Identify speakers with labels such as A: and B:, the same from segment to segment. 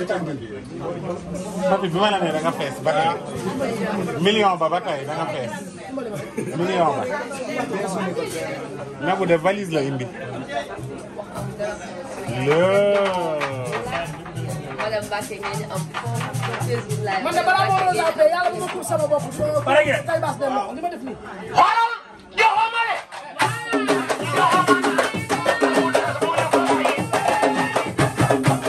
A: Fatou bi ma la ne da nga fees ba tey million ba ba tey da nga fees million ba Nabou de valise la indi
B: madame Mbacke ngeen am Facebook live man de balaa moo doon laajte yàlla bu ma tuur sama bopp tay baas dem li ma def nii xoolal joxoo
C: ma de joxoo ma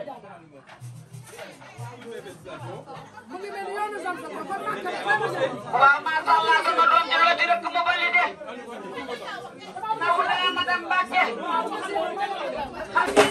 D: waaw maa ko maa sama doom jël la di rek mu bëri de. na ko dara madame Mbacke.